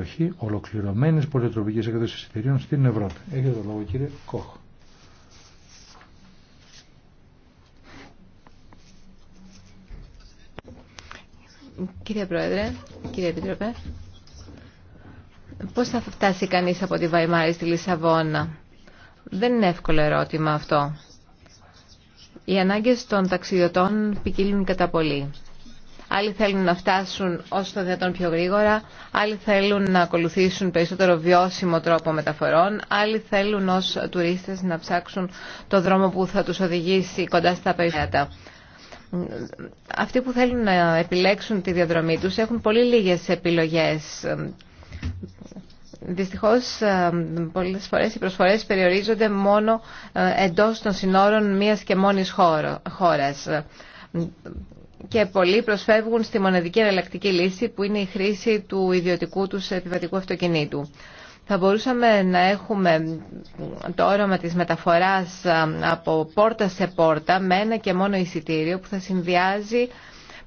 παροχή ολοκληρωμένης πολυτροπικής εκδόσης εταιρείων στην Ευρώπη. Έχετε το λόγο κύριε Κόχ. Κύριε Πρόεδρε, κύριε Επιτροπέ, πώς θα φτάσει κανείς από τη Βαϊμάρη στη Λισαβόνα. Δεν είναι εύκολο ερώτημα αυτό. Οι ανάγκες των ταξιδιωτών ποικίλουν κατά πολύ άλλοι θέλουν να φτάσουν όσο το δυνατόν πιο γρήγορα, άλλοι θέλουν να ακολουθήσουν περισσότερο βιώσιμο τρόπο μεταφορών, άλλοι θέλουν ως τουρίστες να ψάξουν το δρόμο που θα τους οδηγήσει κοντά στα περιφέρεια. Αυτοί που θέλουν να επιλέξουν τη διαδρομή τους έχουν πολύ λίγες επιλογές. Δυστυχώς πολλές φορές οι προσφορές περιορίζονται μόνο ε, εντός των συνόρων μίας και μόνης χώρας και πολλοί προσφεύγουν στη μοναδική εναλλακτική λύση που είναι η χρήση του ιδιωτικού του επιβατικού αυτοκινήτου. Θα μπορούσαμε να έχουμε το όραμα της μεταφοράς από πόρτα σε πόρτα με ένα και μόνο εισιτήριο που θα συνδυάζει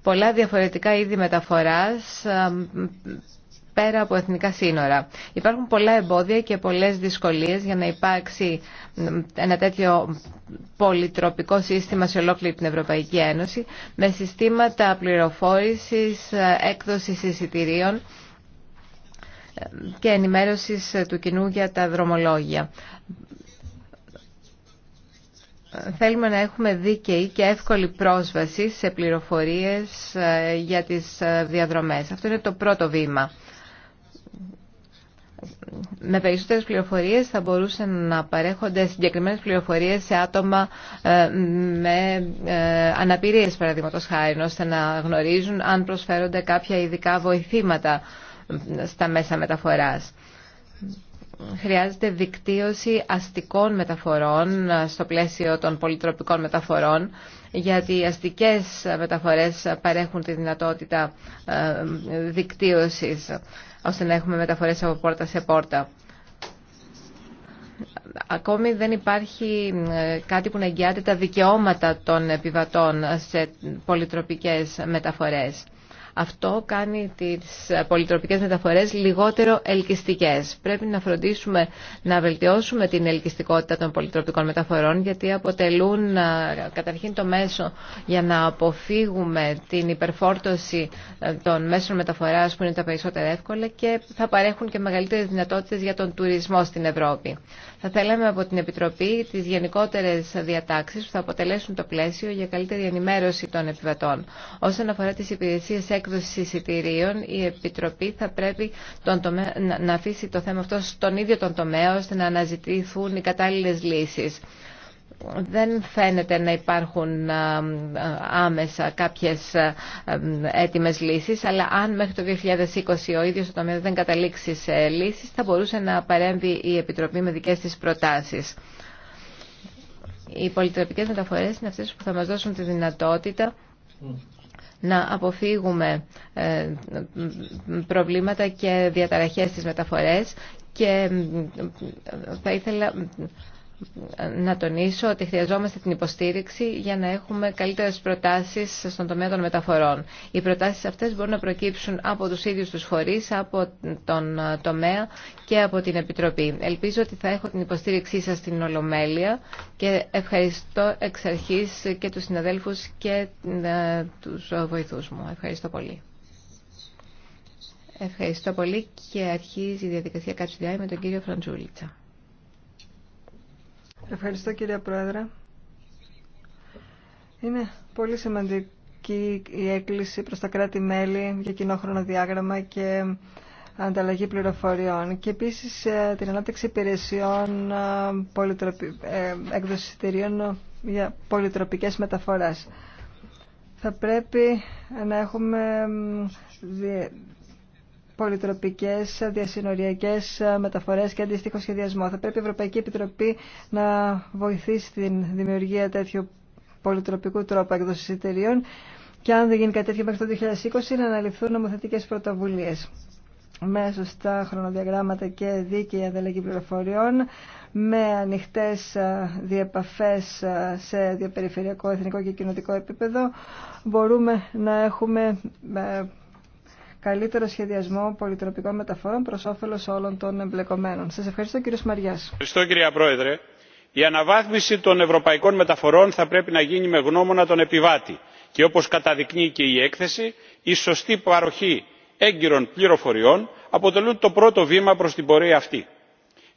πολλά διαφορετικά είδη μεταφοράς πέρα από εθνικά σύνορα. Υπάρχουν πολλά εμπόδια και πολλές δυσκολίες για να υπάρξει ένα τέτοιο πολυτροπικό σύστημα σε ολόκληρη την Ευρωπαϊκή Ένωση με συστήματα πληροφόρησης, έκδοσης εισιτηρίων και ενημέρωσης του κοινού για τα δρομολόγια. Θέλουμε να έχουμε δίκαιη και εύκολη πρόσβαση σε πληροφορίες ε, για τις ε, διαδρομές. Αυτό είναι το πρώτο βήμα με περισσότερες πληροφορίες θα μπορούσαν να παρέχονται συγκεκριμένες πληροφορίες σε άτομα ε, με ε, αναπηρίες παραδείγματο χάρη ώστε να γνωρίζουν αν προσφέρονται κάποια ειδικά βοηθήματα ε, στα μέσα μεταφοράς χρειάζεται δικτύωση αστικών μεταφορών ε, στο πλαίσιο των πολυτροπικών μεταφορών γιατί οι αστικές μεταφορές παρέχουν τη δυνατότητα ε, δικτύωσης ώστε να έχουμε μεταφορές από πόρτα σε πόρτα. Ακόμη δεν υπάρχει ε, κάτι που να εγγυάται τα δικαιώματα των επιβατών σε πολυτροπικές μεταφορές. Αυτό κάνει τις πολυτροπικές μεταφορές λιγότερο ελκυστικές. Πρέπει να φροντίσουμε να βελτιώσουμε την ελκυστικότητα των πολυτροπικών μεταφορών γιατί αποτελούν καταρχήν το μέσο για να αποφύγουμε την υπερφόρτωση ε, των μέσων μεταφοράς που είναι τα περισσότερα εύκολα και θα παρέχουν και μεγαλύτερες δυνατότητες για τον τουρισμό στην Ευρώπη. Θα θέλαμε από την Επιτροπή τις γενικότερες διατάξεις που θα αποτελέσουν το πλαίσιο για καλύτερη ενημέρωση των επιβατών. Όσον αφορά τις υπηρεσίες έκδοσης εισιτηρίων, η Επιτροπή θα πρέπει τον να αφήσει το θέμα αυτό στον ίδιο τον τομέα ώστε να αναζητηθούν οι κατάλληλες λύσεις δεν φαίνεται να υπάρχουν άμεσα κάποιες έτοιμες λύσεις, αλλά αν μέχρι το 2020 ο ίδιος το τομέας δεν καταλήξει σε λύσεις, θα μπορούσε να παρέμβει η Επιτροπή με δικές της προτάσεις. Οι πολυτροπικές μεταφορές είναι αυτές που θα μας δώσουν τη δυνατότητα να αποφύγουμε ε, προβλήματα και διαταραχές στις μεταφορές και ε, θα ήθελα να τονίσω ότι χρειαζόμαστε την υποστήριξη για να έχουμε καλύτερες προτάσεις στον τομέα των μεταφορών. Οι προτάσεις αυτές μπορούν να προκύψουν από του ίδιου τους φορεί, από τον τομέα και από την Επιτροπή. Ελπίζω ότι θα έχω την υποστήριξή σας στην Ολομέλεια και ευχαριστώ εξ αρχή και τους συναδέλφου και ε, του βοηθού μου. Ευχαριστώ πολύ. Ευχαριστώ πολύ και αρχίζει η διαδικασία Κατσουδιάη με τον κύριο Φραντζούλητσα. Ευχαριστώ κύριε Πρόεδρε. Είναι πολύ σημαντική η έκκληση προς τα κράτη-μέλη για κοινόχρονο διάγραμμα και ανταλλαγή πληροφοριών και επίσης ε, την ανάπτυξη υπηρεσιών εκδοσιστηρίων ε, για πολυτροπικές μεταφορές. Θα πρέπει να έχουμε πολυτροπικέ διασυνοριακές μεταφορές και αντίστοιχο σχεδιασμό. Θα πρέπει η Ευρωπαϊκή Επιτροπή να βοηθήσει την δημιουργία τέτοιου πολυτροπικού τρόπου έκδοση εταιρείων και αν δεν γίνει κάτι τέτοιο μέχρι το 2020 να αναλυθούν νομοθετικέ πρωτοβουλίε. Μέσω στα χρονοδιαγράμματα και δίκαιη ανταλλαγή πληροφοριών, με ανοιχτέ διεπαφέ σε διαπεριφερειακό, εθνικό και κοινωτικό επίπεδο, μπορούμε να έχουμε καλύτερο σχεδιασμό πολυτροπικών μεταφορών προ όφελο όλων των εμπλεκομένων. Σα ευχαριστώ κύριε Μαριάς. Ευχαριστώ κυρία Πρόεδρε. Η αναβάθμιση των ευρωπαϊκών μεταφορών θα πρέπει να γίνει με γνώμονα τον επιβάτη και όπως καταδεικνύει και η έκθεση, η σωστή παροχή έγκυρων πληροφοριών αποτελούν το πρώτο βήμα προς την πορεία αυτή.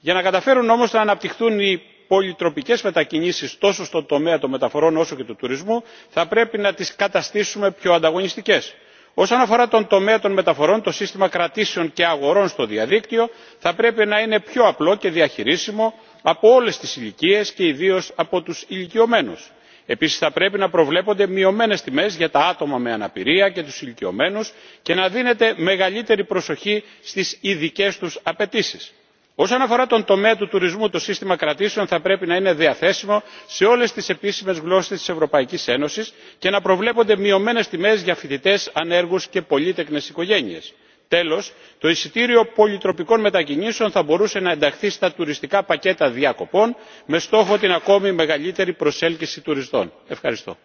Για να καταφέρουν όμως να αναπτυχθούν οι πολυτροπικές μετακινήσεις τόσο στον τομέα των μεταφορών όσο και του τουρισμού θα πρέπει να τις καταστήσουμε πιο ανταγωνιστικές όσον αφορά τον τομέα των μεταφορών το σύστημα κρατήσεων και αγορών στο διαδίκτυο θα πρέπει να είναι πιο απλό και διαχειρίσιμο από όλες τις ηλικίες και ιδίως από τους ηλικιωμένους. επίσης θα πρέπει να προβλέπονται μειωμένες τιμές για τα άτομα με αναπηρία και τους ηλικιωμένους και να δίνεται μεγαλύτερη προσοχή στις ειδικές τους απαιτήσεις όσον αφορά τον τομέα του τουρισμού το σύστημα κρατήσεων θα πρέπει να είναι διαθέσιμο σε όλες τις επίσημες γλώσσες της ευρωπαϊκής ένωσης και να προβλέπονται μειωμένες τιμές για φοιτητές ανέργους και πολύτεκνες οικογένειες. τέλος το εισιτήριο πολυτροπικών μετακινήσεων θα μπορούσε να ενταχθεί στα τουριστικά πακέτα διακοπών με στόχο την ακόμη μεγαλύτερη προσέλκυση τουριστών. ευχαριστώ.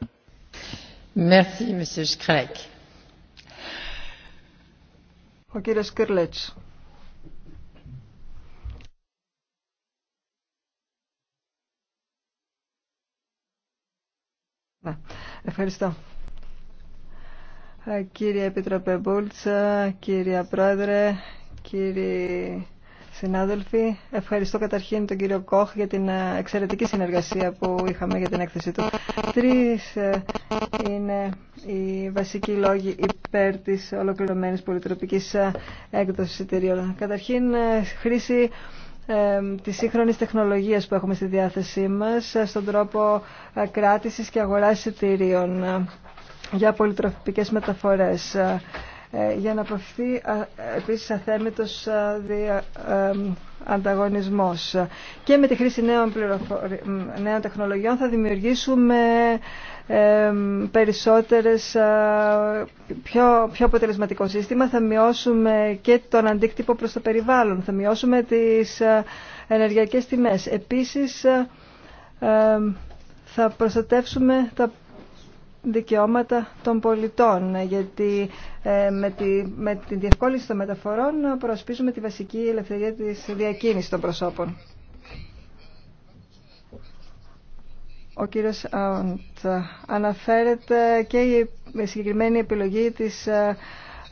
Ευχαριστώ. Ε, κύριε Επίτροπε Μπούλτσα, ε, κύριε Πρόεδρε, κύριοι συνάδελφοι, ευχαριστώ καταρχήν τον κύριο Κόχ για την ε, εξαιρετική συνεργασία που είχαμε για την έκθεση του. Τρεις είναι οι βασικοί λόγοι υπέρ της ολοκληρωμένης πολυτροπικής έκδοσης εταιρείων. Καταρχήν, χρήση τις σύγχρονες τεχνολογίες που έχουμε στη διάθεσή μας ε, στον τρόπο ε, κράτησης και αγοράς εισιτηρίων ε, για πολυτροφικές μεταφορές. Ε, για να αποφευθεί επίσης αθέμητος ανταγωνισμός. Και με τη χρήση νέων, νέων τεχνολογιών θα δημιουργήσουμε περισσότερες, πιο, πιο αποτελεσματικό σύστημα, θα μειώσουμε και τον αντίκτυπο προς το περιβάλλον, θα μειώσουμε τις ενεργειακές τιμές. Επίσης, θα προστατεύσουμε τα δικαιώματα των πολιτών, γιατί ε, με, τη, με τη διευκόλυνση των μεταφορών προσπίζουμε τη βασική ελευθερία της διακίνησης των προσώπων. Ο κύριος αναφέρεται και η συγκεκριμένη επιλογή της ε,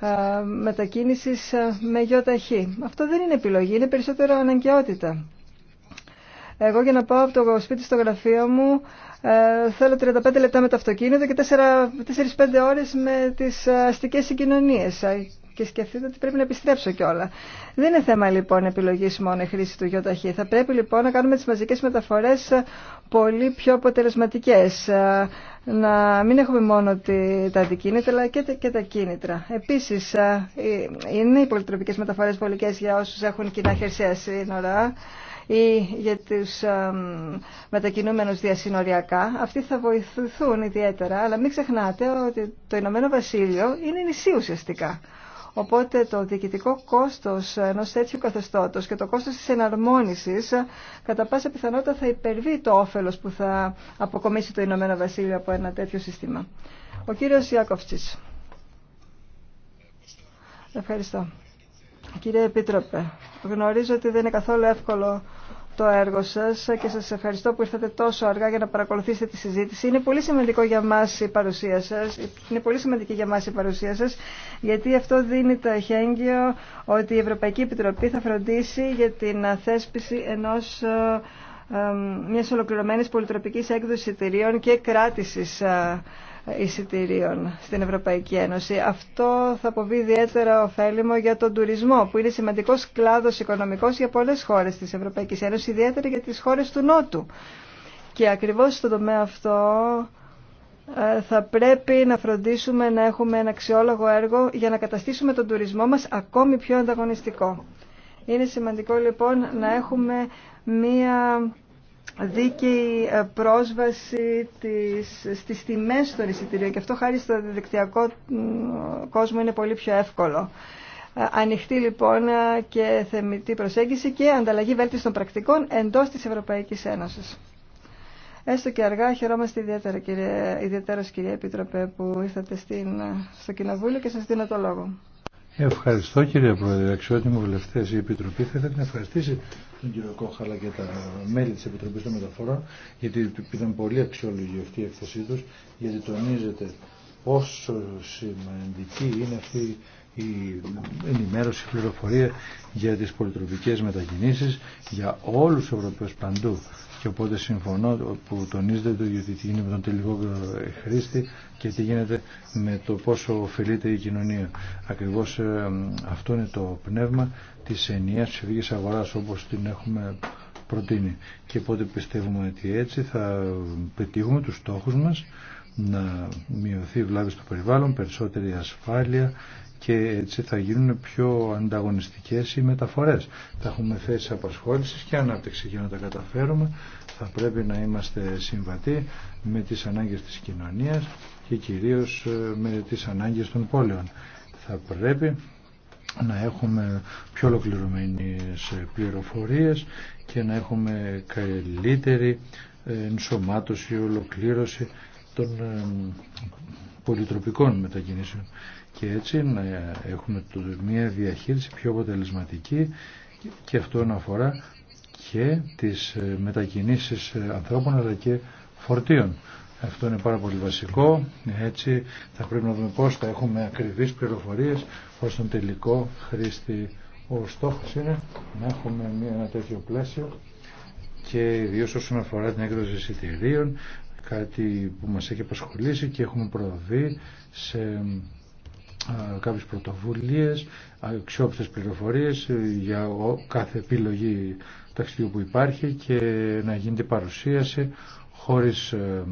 ε, μετακίνησης με ταχύ. Αυτό δεν είναι επιλογή, είναι περισσότερο αναγκαιότητα. Εγώ για να πάω από το σπίτι στο γραφείο μου ε, θέλω 35 λεπτά με το αυτοκίνητο και 4-5 ώρες με τις ε, αστικές συγκοινωνίες ε, και σκεφτείτε ότι πρέπει να επιστρέψω κιόλα. Δεν είναι θέμα λοιπόν επιλογή μόνο η χρήση του γιοταχή. Θα πρέπει λοιπόν να κάνουμε τι μαζικέ μεταφορέ πολύ πιο αποτελεσματικέ. Να μην έχουμε μόνο τα αντικίνητα αλλά και τα κίνητρα. Επίση, είναι οι πολυτροπικέ μεταφορέ βολικέ για όσου έχουν κοινά χερσαία σύνορα ή για τους μετακινούμενους διασυνοριακά. Αυτοί θα βοηθηθούν ιδιαίτερα, αλλά μην ξεχνάτε ότι το Ηνωμένο Βασίλειο είναι νησί ουσιαστικά. Οπότε το διοικητικό κόστος ενός τέτοιου καθεστώτος και το κόστος της εναρμόνισης κατά πάσα πιθανότητα θα υπερβεί το όφελος που θα αποκομίσει το Ηνωμένο Βασίλειο από ένα τέτοιο σύστημα. Ο κύριος Ιάκοφτσης. Ευχαριστώ. Κύριε Επίτροπε, γνωρίζω ότι δεν είναι καθόλου εύκολο το έργο σας και σας ευχαριστώ που ήρθατε τόσο αργά για να παρακολουθήσετε τη συζήτηση. Είναι πολύ σημαντικό για μας η παρουσία σας. Είναι πολύ σημαντική για μας η παρουσία σας, γιατί αυτό δίνει το εχέγγυο ότι η Ευρωπαϊκή Επιτροπή θα φροντίσει για την θέσπιση ενός ε, ε, μια ολοκληρωμένη πολυτροπική έκδοση εταιρείων και κράτηση ε, εισιτηρίων στην Ευρωπαϊκή Ένωση. Αυτό θα αποβεί ιδιαίτερα ωφέλιμο για τον τουρισμό, που είναι σημαντικός κλάδος οικονομικός για πολλές χώρες της Ευρωπαϊκής Ένωση, ιδιαίτερα για τις χώρες του Νότου. Και ακριβώς στον τομέα αυτό ε, θα πρέπει να φροντίσουμε να έχουμε ένα αξιόλογο έργο για να καταστήσουμε τον τουρισμό μας ακόμη πιο ανταγωνιστικό. Είναι σημαντικό λοιπόν να έχουμε μία δίκαιη ε, πρόσβαση της, στις τιμές των εισιτηρίων και αυτό χάρη στο διαδικτυακό κόσμο είναι πολύ πιο εύκολο. Ε, ανοιχτή λοιπόν ε, και θεμητή προσέγγιση και ανταλλαγή των πρακτικών εντός της Ευρωπαϊκής Ένωσης. Έστω και αργά χαιρόμαστε ιδιαίτερα κύριε, Επίτροπε που ήρθατε στην, στο Κοινοβούλιο και σας δίνω το λόγο. Ευχαριστώ κύριε Πρόεδρε, αξιότιμο βουλευτέ. Η Επιτροπή θα ήθελε να ευχαριστήσει τον κύριο Κόχαλα και τα μέλη τη Επιτροπή των Μεταφορών, γιατί ήταν πολύ αξιόλογη αυτή η έκθεσή του, γιατί τονίζεται πόσο σημαντική είναι αυτή η ενημέρωση, η πληροφορία για τις πολυτροπικές μετακινήσεις για όλους τους Ευρωπαίους παντού. Και οπότε συμφωνώ που τονίζεται το γιατί τι γίνεται με τον τελικό χρήστη και τι γίνεται με το πόσο ωφελείται η κοινωνία. Ακριβώς ε, αυτό είναι το πνεύμα της ενιαίας ψηφικής αγοράς όπως την έχουμε προτείνει. Και οπότε πιστεύουμε ότι έτσι θα πετύχουμε τους στόχους μας να μειωθεί η βλάβη στο περιβάλλον, περισσότερη ασφάλεια και έτσι θα γίνουν πιο ανταγωνιστικές οι μεταφορές. Θα έχουμε θέσεις απασχόλησης και ανάπτυξη για να τα καταφέρουμε. Θα πρέπει να είμαστε συμβατοί με τις ανάγκες της κοινωνίας και κυρίως ε, με τις ανάγκες των πόλεων. Θα πρέπει να έχουμε πιο ολοκληρωμένες πληροφορίες και να έχουμε καλύτερη ενσωμάτωση, ολοκλήρωση των ε, πολυτροπικών μετακινήσεων και έτσι να έχουμε μια διαχείριση πιο αποτελεσματική και αυτό να αφορά και τις ε, μετακινήσεις ε, ανθρώπων αλλά και φορτίων. Αυτό είναι πάρα πολύ βασικό, έτσι θα πρέπει να δούμε πώς θα έχουμε ακριβείς πληροφορίες ως τον τελικό χρήστη. Ο στόχος είναι να έχουμε ένα τέτοιο πλαίσιο και ιδίω όσον αφορά την έκδοση εισιτηρίων, κάτι που μας έχει απασχολήσει και έχουμε προβεί σε κάποιες πρωτοβουλίες, αξιόπιστες πληροφορίες ε, για κάθε επιλογή ταξιδιού που υπάρχει και να γίνεται παρουσίαση χωρίς ε,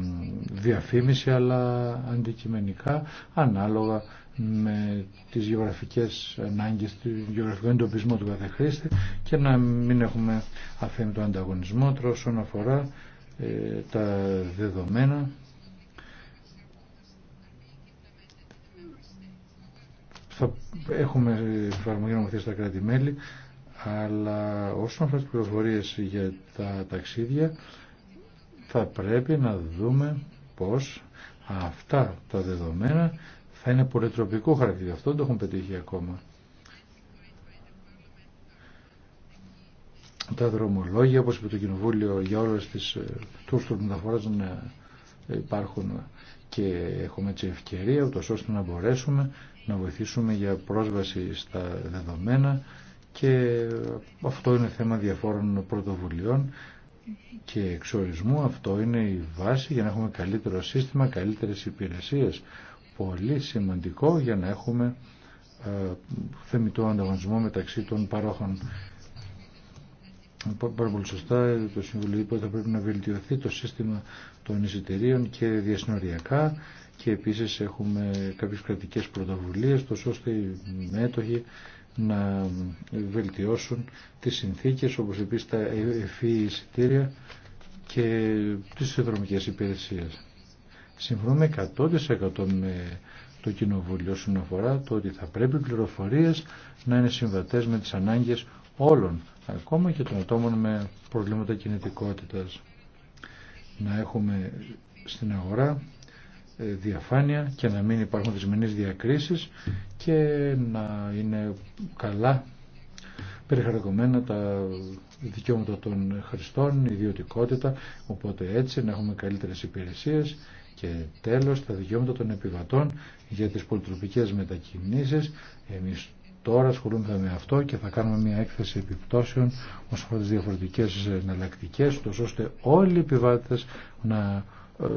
διαφήμιση αλλά αντικειμενικά ανάλογα με τις γεωγραφικές ανάγκες, του γεωγραφικού εντοπισμό του κάθε χρήστη και να μην έχουμε τον ανταγωνισμό όσον αφορά ε, τα δεδομένα θα έχουμε εφαρμογή νομοθεσία στα κράτη-μέλη αλλά όσον αφορά τις πληροφορίες για τα ταξίδια θα πρέπει να δούμε πώς αυτά τα δεδομένα θα είναι πολυτροπικού χαρακτήρα. Αυτό δεν το έχουν πετύχει ακόμα. Τα δρομολόγια, όπως είπε το Κοινοβούλιο, για όλες τις ε, τους που να ε, υπάρχουν και έχουμε έτσι ευκαιρία, ούτως ώστε να μπορέσουμε να βοηθήσουμε για πρόσβαση στα δεδομένα και αυτό είναι θέμα διαφόρων πρωτοβουλειών και εξορισμού αυτό είναι η βάση για να έχουμε καλύτερο σύστημα, καλύτερες υπηρεσίες. Πολύ σημαντικό για να έχουμε ε, θεμητό ανταγωνισμό μεταξύ των παρόχων. Πάρα πολύ σωστά το Συμβουλίο είπε ότι θα πρέπει να βελτιωθεί το σύστημα των εισιτηρίων και διασυνοριακά και επίσης έχουμε κάποιες κρατικές πρωτοβουλίες τόσο ώστε οι μέτοχοι να βελτιώσουν τις συνθήκες όπως επίσης τα ευφύ εισιτήρια και τις συνδρομικές υπηρεσίες. Συμφωνούμε 100% με το Κοινοβούλιο όσον αφορά το ότι θα πρέπει οι πληροφορίες να είναι συμβατές με τις ανάγκες όλων, ακόμα και των ατόμων με προβλήματα κινητικότητας. Να έχουμε στην αγορά ε, διαφάνεια και να μην υπάρχουν δυσμενείς διακρίσεις και να είναι καλά περιχαρακωμένα τα δικαιώματα των χρηστών, ιδιωτικότητα, οπότε έτσι να έχουμε καλύτερες υπηρεσίες και τέλος τα δικαιώματα των επιβατών για τις πολυτροπικές μετακινήσεις. Εμείς τώρα ασχολούμαστε με αυτό και θα κάνουμε μια έκθεση επιπτώσεων όσον αφορά τις διαφορετικές εναλλακτικές, ώστε όλοι οι επιβάτες να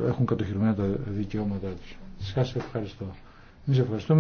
έχουν κατοχυρωμένα τα δικαιώματά τους. Σας ευχαριστώ. Εμείς ευχαριστούμε.